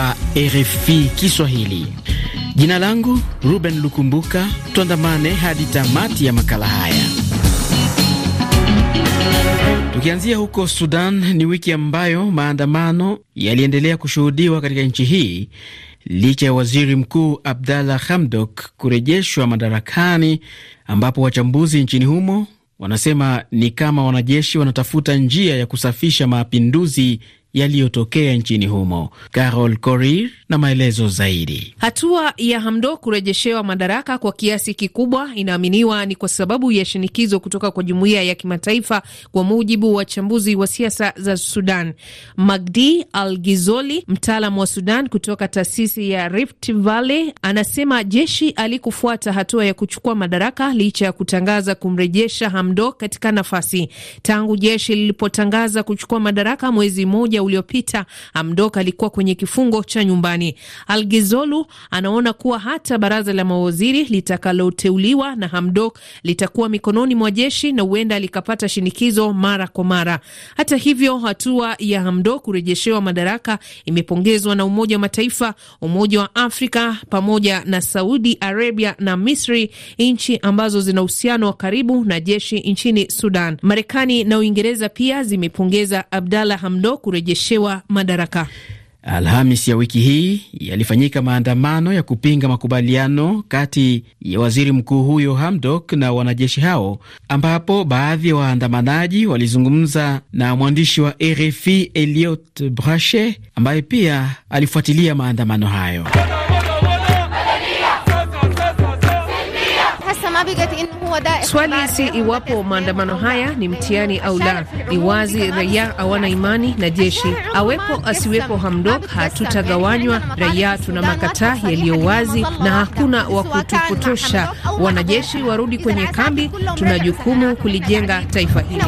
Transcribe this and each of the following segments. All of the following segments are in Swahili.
hapa RFI Kiswahili. Jina langu Ruben Lukumbuka, tuandamane hadi tamati ya makala haya. Tukianzia huko Sudan, ni wiki ambayo maandamano yaliendelea kushuhudiwa katika nchi hii licha ya waziri mkuu Abdalla Hamdok kurejeshwa madarakani, ambapo wachambuzi nchini humo wanasema ni kama wanajeshi wanatafuta njia ya kusafisha mapinduzi yaliyotokea nchini humo. Carol Korir na maelezo zaidi. Hatua ya Hamdok kurejeshewa madaraka kwa kiasi kikubwa inaaminiwa ni kwa sababu ya shinikizo kutoka kwa jumuiya ya kimataifa, kwa mujibu wa wachambuzi wa siasa za Sudan. Magdi Al Gizoli, mtaalam wa Sudan kutoka taasisi ya Rift Valley, anasema jeshi alikufuata hatua ya kuchukua madaraka licha ya kutangaza kumrejesha Hamdok katika nafasi. Tangu jeshi lilipotangaza kuchukua madaraka mwezi mmoja uliopita, Hamdok alikuwa kwenye kifungo cha nyumbani. Marekani. Algezolu anaona kuwa hata baraza la mawaziri litakaloteuliwa na Hamdok litakuwa mikononi mwa jeshi na huenda likapata shinikizo mara kwa mara. Hata hivyo, hatua ya Hamdok kurejeshewa madaraka imepongezwa na Umoja wa Mataifa, Umoja wa Afrika pamoja na Saudi Arabia na Misri, nchi ambazo zina uhusiano wa karibu na jeshi nchini Sudan. Marekani na Uingereza pia zimepongeza Abdalla Hamdok kurejeshewa madaraka. Alhamis ya wiki hii yalifanyika maandamano ya kupinga makubaliano kati ya waziri mkuu huyo Hamdok na wanajeshi hao, ambapo baadhi ya wa waandamanaji walizungumza na mwandishi wa RFI Eliot Brache ambaye pia alifuatilia maandamano hayo. Swali si iwapo maandamano haya ni mtihani au la. Ni wazi raia hawana imani na jeshi. Awepo asiwepo Hamdok, hatutagawanywa. Raia tuna makataa yaliyo wazi na hakuna wa kutupotosha. Wanajeshi warudi kwenye kambi, tuna jukumu kulijenga taifa hili.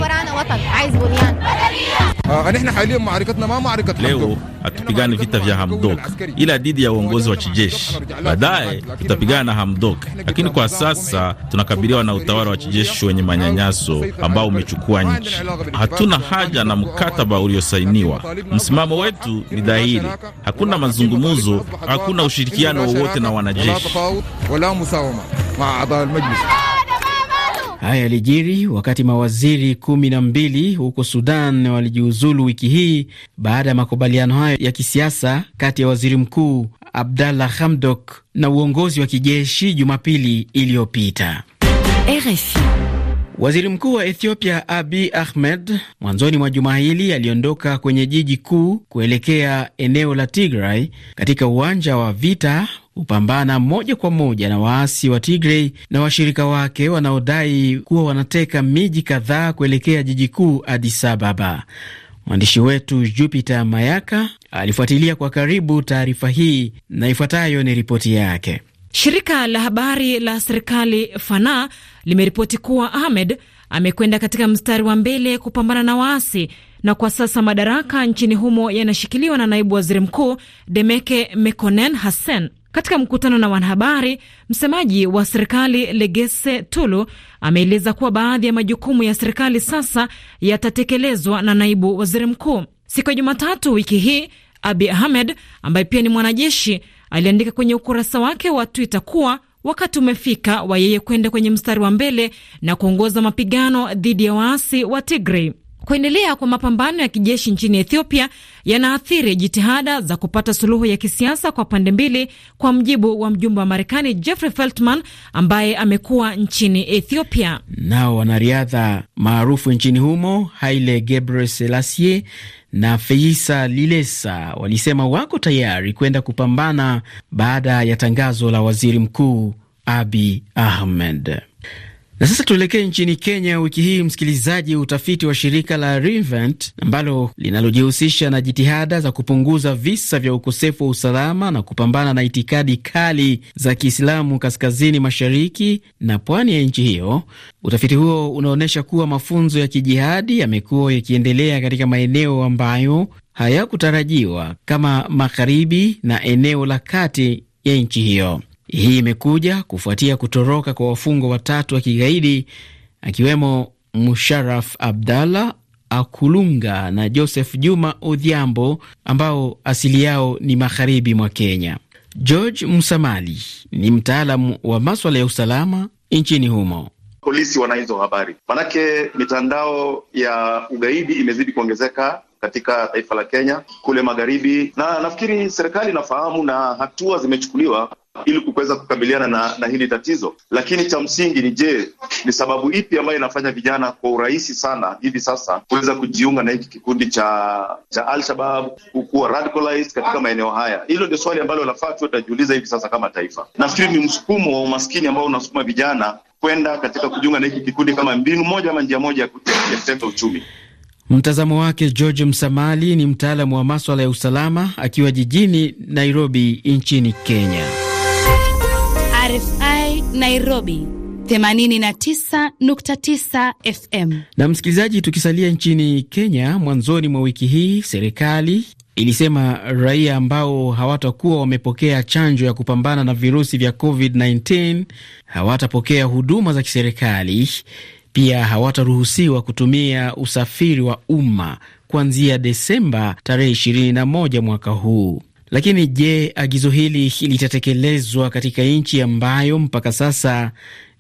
Leo hatupigani vita vya Hamdok ila dhidi ya uongozi wa kijeshi. Baadaye tutapigana na Hamdok, lakini kwa sasa tunakabiliwa na utawala wa kijeshi wenye manyanyaso ambao umechukua nchi. Hatuna haja na mkataba uliosainiwa. Msimamo wetu ni dhahiri: hakuna mazungumzo, hakuna ushirikiano wowote na wanajeshi. Haya yalijiri wakati mawaziri kumi na mbili huko Sudan walijiuzulu wiki hii baada ya makubaliano hayo ya kisiasa kati ya waziri mkuu Abdallah Hamdok na uongozi wa kijeshi Jumapili iliyopita. Waziri mkuu wa Ethiopia abi Ahmed mwanzoni mwa juma hili aliondoka kwenye jiji kuu kuelekea eneo la Tigray katika uwanja wa vita hupambana moja kwa moja na waasi wa Tigray na washirika wake wanaodai kuwa wanateka miji kadhaa kuelekea jiji kuu Addis Ababa. Mwandishi wetu Jupiter Mayaka alifuatilia kwa karibu taarifa hii na ifuatayo ni ripoti yake. Shirika la habari la serikali Fana limeripoti kuwa Ahmed amekwenda katika mstari wa mbele kupambana na waasi na kwa sasa madaraka nchini humo yanashikiliwa na naibu waziri mkuu Demeke Mekonnen Hassen. Katika mkutano na wanahabari, msemaji wa serikali legese Tulu ameeleza kuwa baadhi ya majukumu ya serikali sasa yatatekelezwa na naibu waziri mkuu. Siku ya Jumatatu wiki hii, Abi Ahmed ambaye pia ni mwanajeshi aliandika kwenye ukurasa wake wa Twitter kuwa wakati umefika wa yeye kwenda kwenye mstari wa mbele na kuongoza mapigano dhidi ya waasi wa Tigray. Kuendelea kwa mapambano ya kijeshi nchini Ethiopia yanaathiri jitihada za kupata suluhu ya kisiasa kwa pande mbili, kwa mjibu wa mjumbe wa Marekani Jeffrey Feltman ambaye amekuwa nchini Ethiopia. Nao wanariadha maarufu nchini humo Haile Gebrselassie na Feisa Lilesa walisema wako tayari kwenda kupambana baada ya tangazo la waziri mkuu Abi Ahmed. Na sasa tuelekee nchini Kenya. Wiki hii, msikilizaji, utafiti wa shirika la Reinvent ambalo linalojihusisha na jitihada za kupunguza visa vya ukosefu wa usalama na kupambana na itikadi kali za Kiislamu kaskazini mashariki na pwani ya nchi hiyo. Utafiti huo unaonyesha kuwa mafunzo ya kijihadi yamekuwa yakiendelea katika maeneo ambayo hayakutarajiwa kama magharibi na eneo la kati ya nchi hiyo. Hii imekuja kufuatia kutoroka kwa wafungwa watatu wa kigaidi akiwemo Musharaf Abdallah Akulunga na Joseph Juma Odhiambo ambao asili yao ni magharibi mwa Kenya. George msamali ni mtaalamu wa maswala ya usalama nchini humo. Polisi wana hizo habari, manake mitandao ya ugaidi imezidi kuongezeka katika taifa la Kenya kule magharibi, na nafikiri serikali inafahamu na hatua zimechukuliwa ili kuweza kukabiliana na, na hili tatizo. Lakini cha msingi ni je, ni sababu ipi ambayo inafanya vijana kwa urahisi sana hivi sasa kuweza kujiunga na hiki kikundi cha cha Alshabab kuwa radicalized katika maeneo haya? Hilo ndio swali ambalo nafaa tuwe tunajiuliza hivi sasa kama taifa. Nafikiri ni msukumo wa umaskini ambao unasukuma vijana kwenda katika kujiunga na hiki kikundi kama mbinu moja ama njia moja ya kutenda uchumi. Mtazamo wake George Msamali ni mtaalamu wa maswala ya usalama akiwa jijini Nairobi nchini Kenya. Nairobi 89.9 FM. Na msikilizaji, tukisalia nchini Kenya, mwanzoni mwa wiki hii serikali ilisema raia ambao hawatakuwa wamepokea chanjo ya kupambana na virusi vya COVID-19 hawatapokea huduma za kiserikali. Pia hawataruhusiwa kutumia usafiri wa umma kuanzia Desemba tarehe 21 mwaka huu. Lakini je, agizo hili litatekelezwa katika nchi ambayo mpaka sasa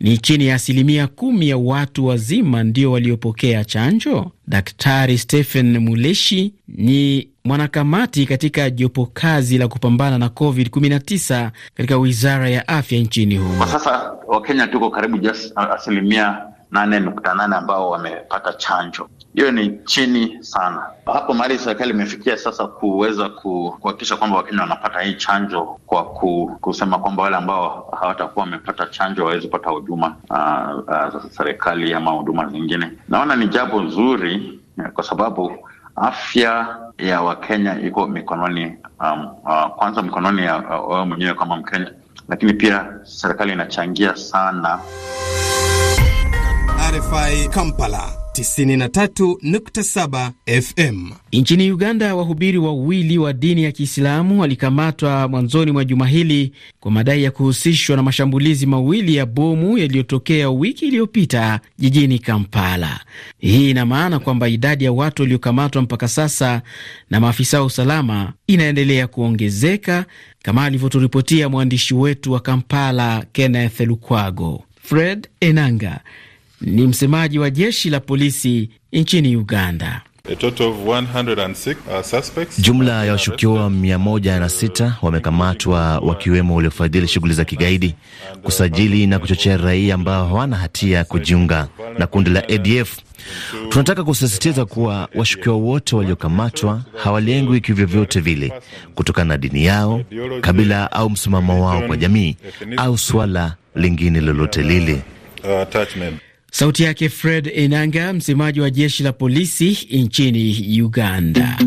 ni chini ya asilimia kumi ya watu wazima ndio waliopokea chanjo? Daktari Stephen Muleshi ni mwanakamati katika jopo kazi la kupambana na COVID-19 katika wizara ya afya nchini humo. Kwa sasa Wakenya tuko karibu just asilimia nane nukta nane ambao wamepata chanjo. Hiyo ni chini sana hapo mahali serikali imefikia sasa kuweza kuhakikisha kwamba Wakenya wanapata hii chanjo kwa ku, kusema kwamba wale ambao hawatakuwa wamepata chanjo wawezi kupata huduma ah, ah, za serikali ama huduma zingine. Naona ni jambo nzuri eh, kwa sababu afya ya Wakenya iko mikononi um, uh, kwanza mikononi ya uh, wewe uh, mwenyewe kama Mkenya, lakini pia serikali inachangia sana. RFI Kampala 93.7 FM. Nchini Uganda, wahubiri wawili wa dini ya Kiislamu walikamatwa mwanzoni mwa juma hili kwa madai ya kuhusishwa na mashambulizi mawili ya bomu yaliyotokea wiki iliyopita jijini Kampala. Hii ina maana kwamba idadi ya watu waliokamatwa mpaka sasa na maafisa wa usalama inaendelea kuongezeka kama alivyoturipotia mwandishi wetu wa Kampala Kenneth Lukwago. Fred Enanga ni msemaji wa jeshi la polisi nchini Uganda. A total of 106, uh, suspects. Jumla ya uh, washukiwa 106 wamekamatwa wakiwemo waliofadhili shughuli za kigaidi, kusajili na kuchochea raia ambao hawana hatia kujiunga na kundi la ADF. Tunataka kusisitiza kuwa washukiwa wote waliokamatwa hawalengwi kivyovyote vile kutokana na dini yao, kabila au msimamo wao kwa jamii au suala lingine lolote lile. Uh, Sauti yake Fred Enanga, msemaji wa jeshi la polisi nchini Uganda.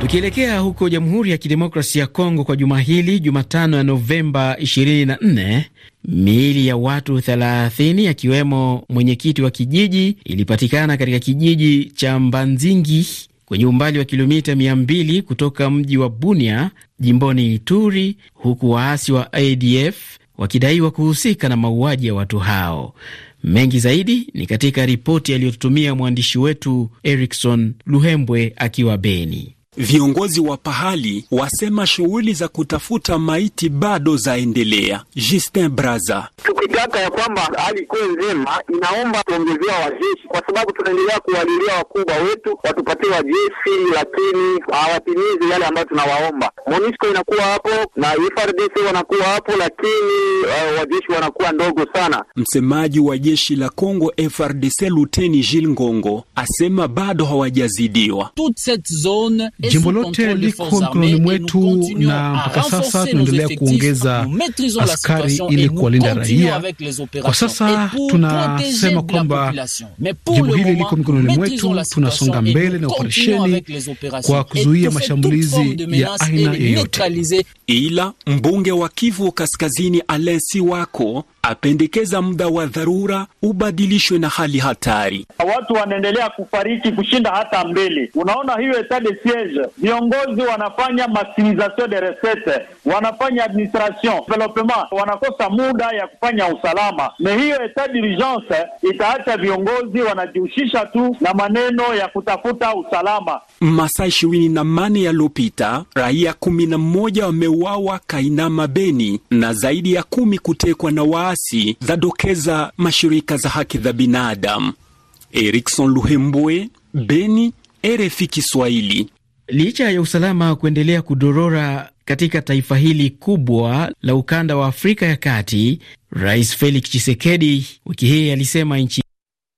Tukielekea huko Jamhuri ya Kidemokrasia ya Kongo kwa juma hili, Jumatano ya Novemba 24, miili ya watu 30 akiwemo mwenyekiti wa kijiji ilipatikana katika kijiji cha Mbanzingi kwenye umbali wa kilomita 200 kutoka mji wa Bunia jimboni Ituri, huku waasi wa ADF wakidaiwa kuhusika na mauaji ya watu hao. Mengi zaidi ni katika ripoti aliyotutumia mwandishi wetu Erikson Luhembwe akiwa Beni. Viongozi wa pahali wasema shughuli za kutafuta maiti bado zaendelea. Justin Braza: tukitaka ya kwamba hali ikuwe nzema, inaomba kuongezewa wajeshi, kwa sababu tunaendelea kuwalilia wakubwa wetu watupatie wajeshi, lakini hawatimizi yale ambayo tunawaomba. MONUSCO inakuwa hapo na FARDC wanakuwa hapo, lakini uh, wajeshi wanakuwa ndogo sana. Msemaji wa jeshi la Kongo FARDC Luteni Jil Ngongo asema bado hawajazidiwa cette zone Jimbo lote liko mkononi mwetu, na mpaka sasa tunaendelea kuongeza askari ili kuwalinda raia. Kwa sasa tunasema kwamba jimbo hili liko mikononi mwetu, tunasonga mbele na operesheni kwa kuzuia mashambulizi ya aina yoyote. Ila mbunge wa Kivu Kaskazini Alesi Wako apendekeza muda wa dharura ubadilishwe na hali hatari. Watu wanaendelea kufariki kushinda hata mbele. Unaona hiyo etat de siege, viongozi wanafanya maximisation de recette, wanafanya administration development, wanakosa muda ya kufanya usalama. Na hiyo etat d'urgence itaacha viongozi wanajihusisha tu na maneno ya kutafuta usalama. Masaa ishirini na mane yaliyopita raia kumi na mmoja wameuawa Kainama Beni na zaidi ya kumi kutekwa na waasi nafasi zadokeza mashirika za haki za binadamu. Erikson Luhembwe, Beni, RFI Kiswahili. Licha ya usalama kuendelea kudorora katika taifa hili kubwa la ukanda wa Afrika ya Kati, Rais Felix Tshisekedi wiki hii alisema nchi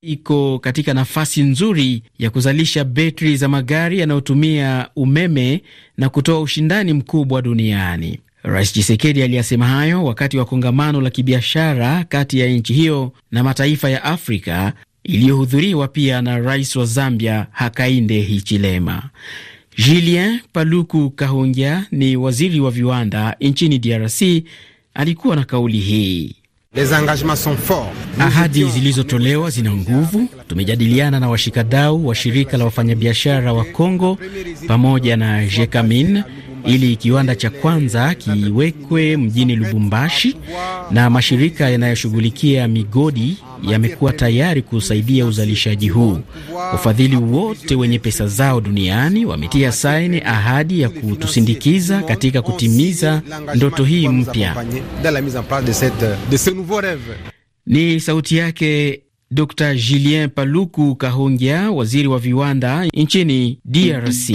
iko katika nafasi nzuri ya kuzalisha betri za magari yanayotumia umeme na kutoa ushindani mkubwa duniani. Rais chisekedi aliyasema hayo wakati wa kongamano la kibiashara kati ya nchi hiyo na mataifa ya Afrika iliyohudhuriwa pia na rais wa Zambia Hakainde Hichilema. Julien Paluku Kahungya ni waziri wa viwanda nchini DRC, alikuwa na kauli hii: ahadi zilizotolewa zina nguvu. Tumejadiliana na washikadau wa shirika la wafanyabiashara wa Kongo pamoja na Jekamin ili kiwanda cha kwanza kiwekwe mjini Lubumbashi, na mashirika yanayoshughulikia migodi yamekuwa tayari kusaidia uzalishaji huu. Wafadhili wote wenye pesa zao duniani wametia saini ahadi ya kutusindikiza katika kutimiza ndoto hii mpya. Ni sauti yake Dr Julien Paluku Kahongya, waziri wa viwanda nchini DRC.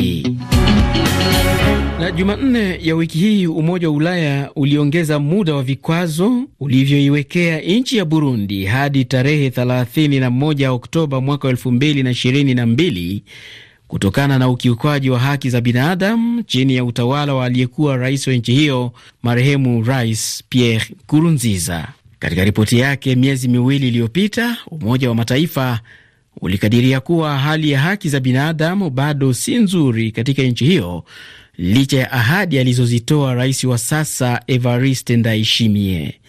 Na Jumanne ya wiki hii Umoja wa Ulaya uliongeza muda wa vikwazo ulivyoiwekea nchi ya Burundi hadi tarehe 31 Oktoba mwaka 2022 kutokana na ukiukwaji wa haki za binadamu chini ya utawala wa aliyekuwa rais wa nchi hiyo marehemu Rais Pierre Nkurunziza. Katika ripoti yake miezi miwili iliyopita, Umoja wa Mataifa ulikadiria kuwa hali ya haki za binadamu bado si nzuri katika nchi hiyo licha ya ahadi alizozitoa rais wa sasa Evariste Ndayishimiye.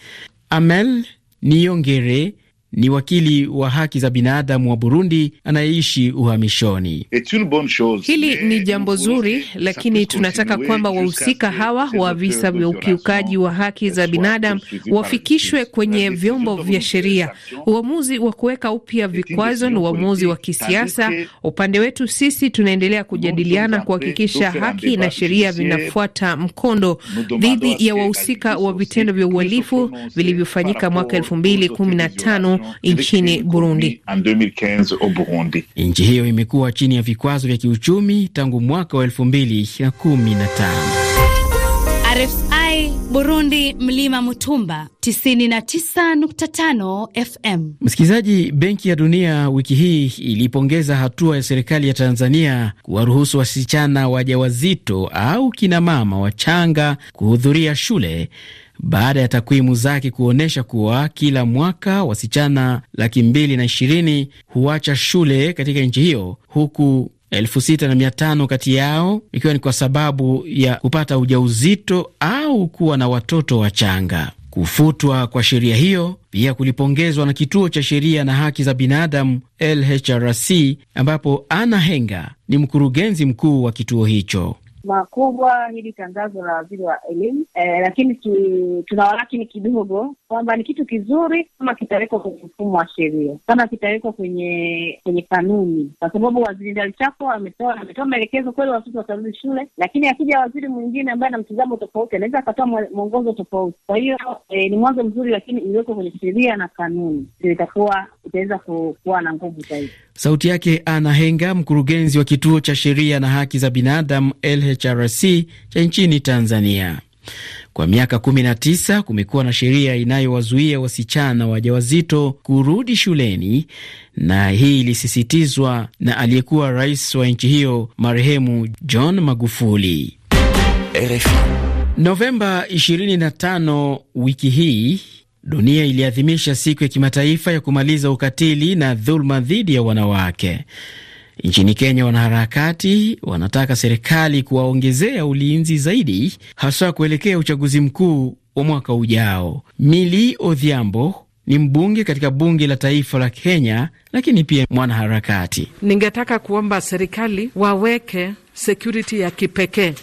Amel Niyongere ni wakili wa haki za binadamu wa Burundi anayeishi uhamishoni. Hili ni jambo zuri, lakini tunataka kwamba wahusika hawa wa visa vya ukiukaji wa haki za binadamu wafikishwe kwenye vyombo vya sheria. Uamuzi wa kuweka upya vikwazo ni uamuzi wa kisiasa. Upande wetu sisi tunaendelea kujadiliana kuhakikisha haki na sheria vinafuata mkondo dhidi ya wahusika wa vitendo vya uhalifu vilivyofanyika mwaka elfu mbili kumi na tano nchini Burundi. Nchi hiyo imekuwa chini ya vikwazo vya kiuchumi tangu mwaka wa elfu mbili na kumi na tano. RFI Burundi, Mlima Mutumba 99.5 FM. Msikilizaji, Benki ya Dunia wiki hii ilipongeza hatua ya serikali ya Tanzania kuwaruhusu wasichana wajawazito au kinamama wachanga kuhudhuria shule baada ya takwimu zake kuonyesha kuwa kila mwaka wasichana laki mbili na ishirini huacha shule katika nchi hiyo huku elfu sita na mia tano kati yao ikiwa ni kwa sababu ya kupata ujauzito au kuwa na watoto wachanga. Kufutwa kwa sheria hiyo pia kulipongezwa na kituo cha sheria na haki za binadamu LHRC, ambapo Ana Henga ni mkurugenzi mkuu wa kituo hicho makubwa hili tangazo la waziri wa elimu e, lakini tunawalakini kidogo kwamba ni kitu kizuri kama kitawekwa kwenye mfumo wa sheria, kama kitawekwa kwenye kwenye kanuni, kwa sababu waziri Ndalichako ametoa ametoa maelekezo kweli, watoto watarudi shule, lakini akija waziri mwingine ambaye ana mtizamo tofauti, anaweza akatoa mwongozo tofauti. Kwa hiyo e, ni mwanzo mzuri, lakini iliwekwa kwenye sheria na kanuni, itakuwa itaweza kuwa na nguvu zaidi. Sauti yake Ana Henga, mkurugenzi wa kituo cha sheria na haki za binadamu LHRC cha nchini Tanzania. Kwa miaka 19 kumekuwa na sheria inayowazuia wasichana wajawazito kurudi shuleni, na hii ilisisitizwa na aliyekuwa rais wa nchi hiyo marehemu John Magufuli. RFI. Novemba 25 wiki hii dunia iliadhimisha siku ya kimataifa ya kumaliza ukatili na dhuluma dhidi ya wanawake. Nchini Kenya, wanaharakati wanataka serikali kuwaongezea ulinzi zaidi, haswa kuelekea uchaguzi mkuu wa mwaka ujao. Mili Odhiambo ni mbunge katika bunge la taifa la Kenya, lakini pia mwanaharakati. Ningetaka kuomba serikali waweke security ya kipekee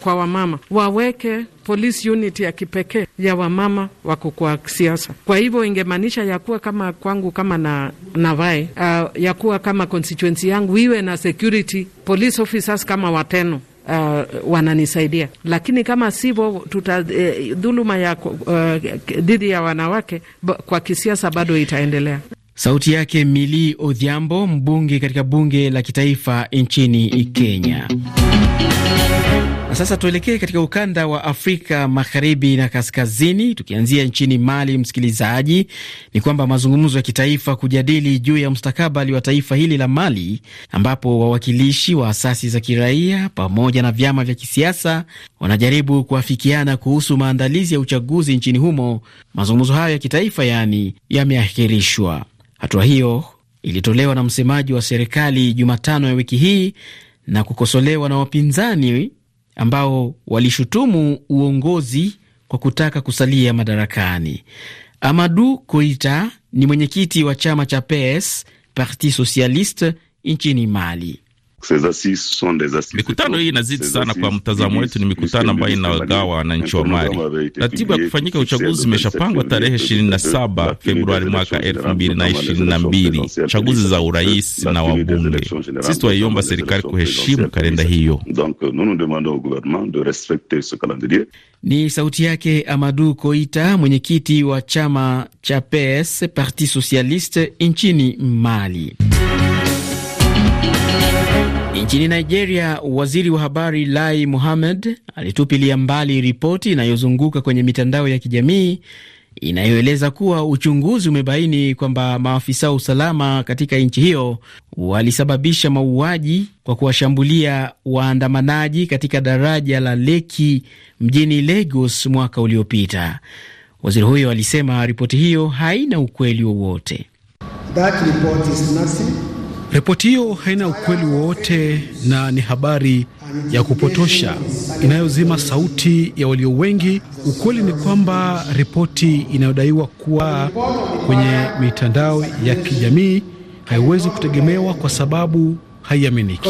kwa wamama, waweke police unit ya kipekee ya wamama wako kwa siasa. Kwa hivyo ingemaanisha ya kuwa kama kwangu kama na Navae uh, ya kuwa kama constituency yangu iwe na security police officers kama watano. Uh, wananisaidia lakini kama sivyo tuta eh, dhuluma uh, ya eh, dhidi uh, ya wanawake kwa kisiasa bado itaendelea. Sauti yake Mili Odhiambo, mbunge katika bunge la kitaifa nchini Kenya. Na sasa tuelekee katika ukanda wa Afrika magharibi na kaskazini, tukianzia nchini Mali. Msikilizaji, ni kwamba mazungumzo ya kitaifa kujadili juu ya mustakabali wa taifa hili la Mali, ambapo wawakilishi wa asasi za kiraia pamoja na vyama vya kisiasa wanajaribu kuafikiana kuhusu maandalizi ya uchaguzi nchini humo, mazungumzo hayo ya kitaifa yani yameahirishwa. Hatua hiyo ilitolewa na msemaji wa serikali Jumatano ya wiki hii na kukosolewa na wapinzani ambao walishutumu uongozi kwa kutaka kusalia madarakani. Amadu Koita ni mwenyekiti wa chama cha PS Parti Socialiste nchini Mali. Mikutano hii inazidi sana. Kwa mtazamo wetu, ni mikutano ambayo inagawa wananchi wa Mali. Ratiba ya kufanyika uchaguzi imeshapangwa tarehe 27 Februari mwaka 2022, chaguzi za urais na wabunge. Sisi twaiomba serikali kuheshimu kalenda hiyo. Ni sauti yake Amadu Koita, mwenyekiti wa chama cha PS, Parti Socialiste, nchini Mali. Nchini Nigeria, waziri wa habari Lai Mohammed alitupilia mbali ripoti inayozunguka kwenye mitandao ya kijamii inayoeleza kuwa uchunguzi umebaini kwamba maafisa wa usalama katika nchi hiyo walisababisha mauaji kwa kuwashambulia waandamanaji katika daraja la Lekki mjini Lagos mwaka uliopita. Waziri huyo alisema ripoti hiyo haina ukweli wowote. Ripoti hiyo haina ukweli wowote na ni habari ya kupotosha inayozima sauti ya walio wengi. Ukweli ni kwamba ripoti inayodaiwa kuwa kwenye mitandao ya kijamii haiwezi kutegemewa kwa sababu haiaminiki.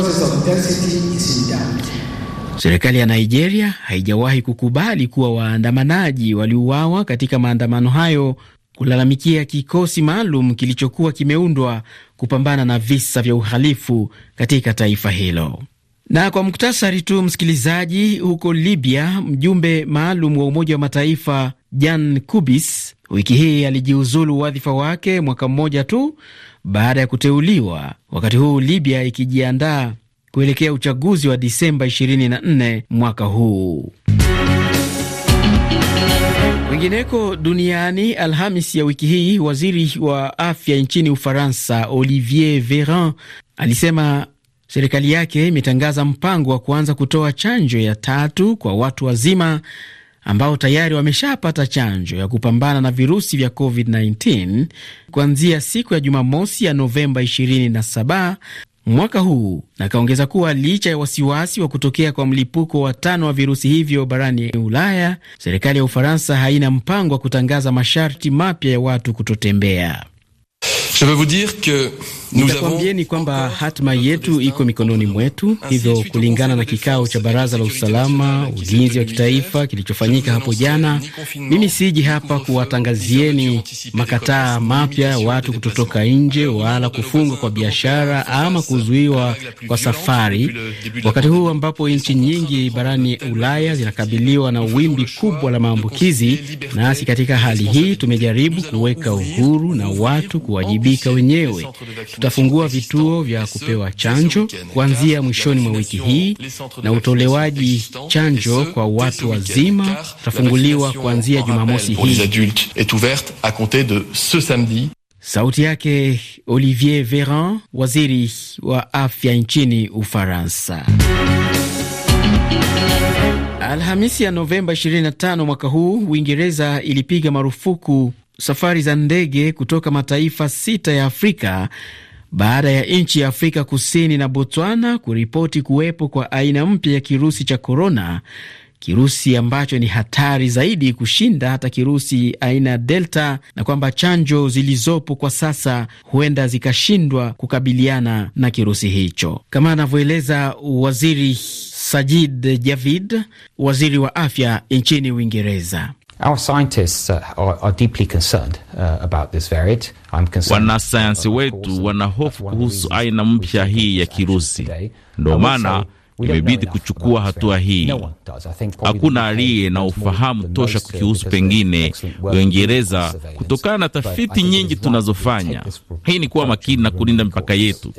Serikali ya Nigeria haijawahi kukubali kuwa waandamanaji waliuawa katika maandamano hayo kulalamikia kikosi maalum kilichokuwa kimeundwa kupambana na visa vya uhalifu katika taifa hilo. Na kwa muktasari tu, msikilizaji, huko Libya, mjumbe maalum wa Umoja wa Mataifa Jan Kubis wiki hii alijiuzulu wadhifa wake mwaka mmoja tu baada ya kuteuliwa, wakati huu Libya ikijiandaa kuelekea uchaguzi wa Disemba 24 mwaka huu. Kwingineko duniani, Alhamis ya wiki hii, waziri wa afya nchini Ufaransa Olivier Veran alisema serikali yake imetangaza mpango wa kuanza kutoa chanjo ya tatu kwa watu wazima ambao tayari wameshapata chanjo ya kupambana na virusi vya COVID-19 kuanzia siku ya Jumamosi ya Novemba 27 mwaka huu, na akaongeza kuwa licha ya wasiwasi wa kutokea kwa mlipuko wa tano wa virusi hivyo barani Ulaya, serikali ya Ufaransa haina mpango wa kutangaza masharti mapya ya watu kutotembea. Nitakwambia ni kwamba hatima yetu iko mikononi mwetu. Hivyo, kulingana na kikao cha baraza la usalama ulinzi wa kitaifa kilichofanyika hapo jana, mimi siji hapa kuwatangazieni makataa mapya ya watu kutotoka nje wala kufungwa kwa biashara ama kuzuiwa kwa safari, wakati huu ambapo nchi nyingi barani Ulaya zinakabiliwa na wimbi kubwa la maambukizi. Nasi katika hali hii tumejaribu kuweka uhuru na watu kuwajibika kuwajibika wenyewe. Tutafungua vituo vya kupewa chanjo kuanzia mwishoni mwa wiki hii, na utolewaji chanjo kwa watu wazima utafunguliwa kuanzia Jumamosi hii. Sauti yake Olivier Veran, waziri wa afya nchini Ufaransa. Alhamisi ya Novemba 25 mwaka huu, Uingereza ilipiga marufuku safari za ndege kutoka mataifa sita ya Afrika baada ya nchi ya Afrika Kusini na Botswana kuripoti kuwepo kwa aina mpya ya kirusi cha korona, kirusi ambacho ni hatari zaidi kushinda hata kirusi aina Delta, na kwamba chanjo zilizopo kwa sasa huenda zikashindwa kukabiliana na kirusi hicho, kama anavyoeleza Waziri Sajid Javid, waziri wa afya nchini Uingereza. Our scientists uh, are, are deeply concerned uh, about this variant. I'm concerned. Wanasayansi wetu wanahofu kuhusu aina mpya hii ya kirusi, ndio maana imebidi kuchukua hatua hii. Hakuna aliye na ufahamu tosha kukihusu, pengine Uingereza, kutokana na tafiti nyingi tunazofanya. Hii ni kuwa makini na kulinda mipaka yetu.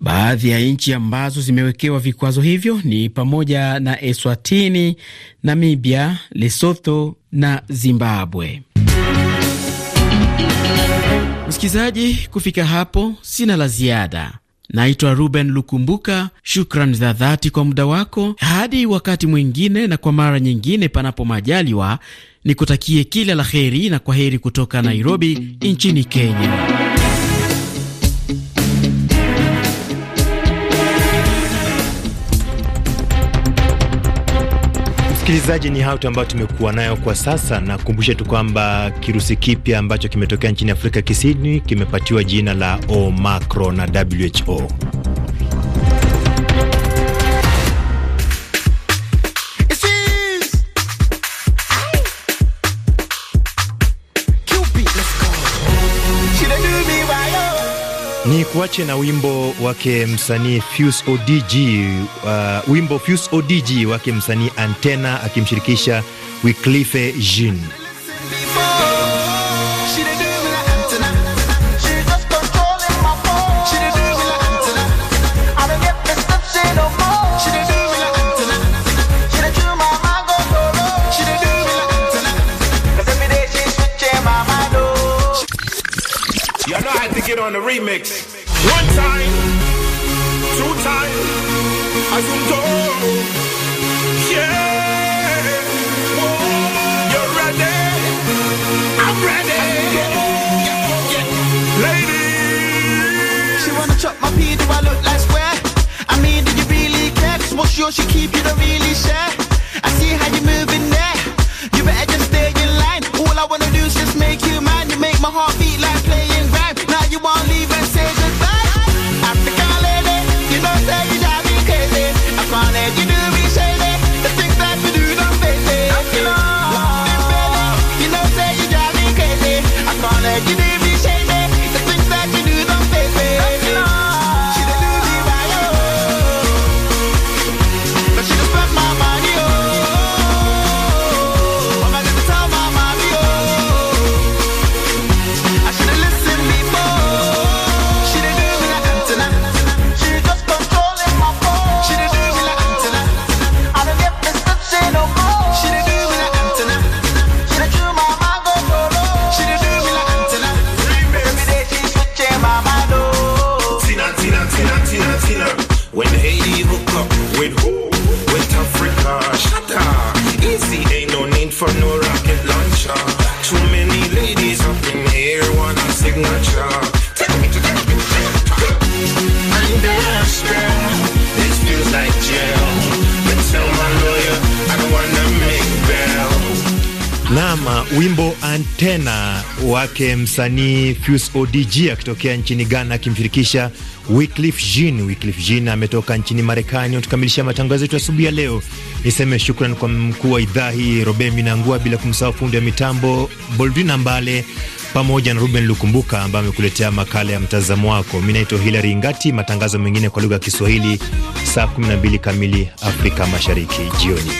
Baadhi ya nchi ambazo zimewekewa vikwazo hivyo ni pamoja na Eswatini, Namibia, Lesotho na Zimbabwe. Msikilizaji, kufika hapo sina la ziada. Naitwa Ruben Lukumbuka. Shukran za dhati kwa muda wako. Hadi wakati mwingine, na kwa mara nyingine, panapo majaliwa, nikutakie kila la heri na kwa heri kutoka Nairobi nchini Kenya. Msikilizaji, ni hayo tu ambayo tumekuwa nayo kwa sasa. Nakumbusha tu kwamba kirusi kipya ambacho kimetokea nchini Afrika Kusini kimepatiwa jina la Omicron na WHO. tuache na wimbo wake msanii Fuse ODG, uh, wimbo Fuse ODG wake msanii Antena akimshirikisha Wiklife Jean. on the remix. One time, two time, Yeah, oh, you ready. I'm ready. Lady, she wanna chop my pee, I look like I mean, do you really care? what's yours, keep, you don't really share. I see how you move wimbo Antena wake msanii Fuse ODG akitokea nchini Ghana akimshirikisha Wyclef Jean. Wyclef Jean ametoka nchini Marekani. tukamilisha matangazo yetu asubuhi ya leo, niseme shukrani kwa mkuu wa idhaa hii Robe Minangua, bila kumsahau fundi wa mitambo Boldina Mbale pamoja na Ruben Lukumbuka ambaye amekuletea makala ya mtazamo wako. mi naitwa Hilary Ngati. Matangazo mengine kwa lugha ya Kiswahili saa 12 kamili Afrika Mashariki jioni.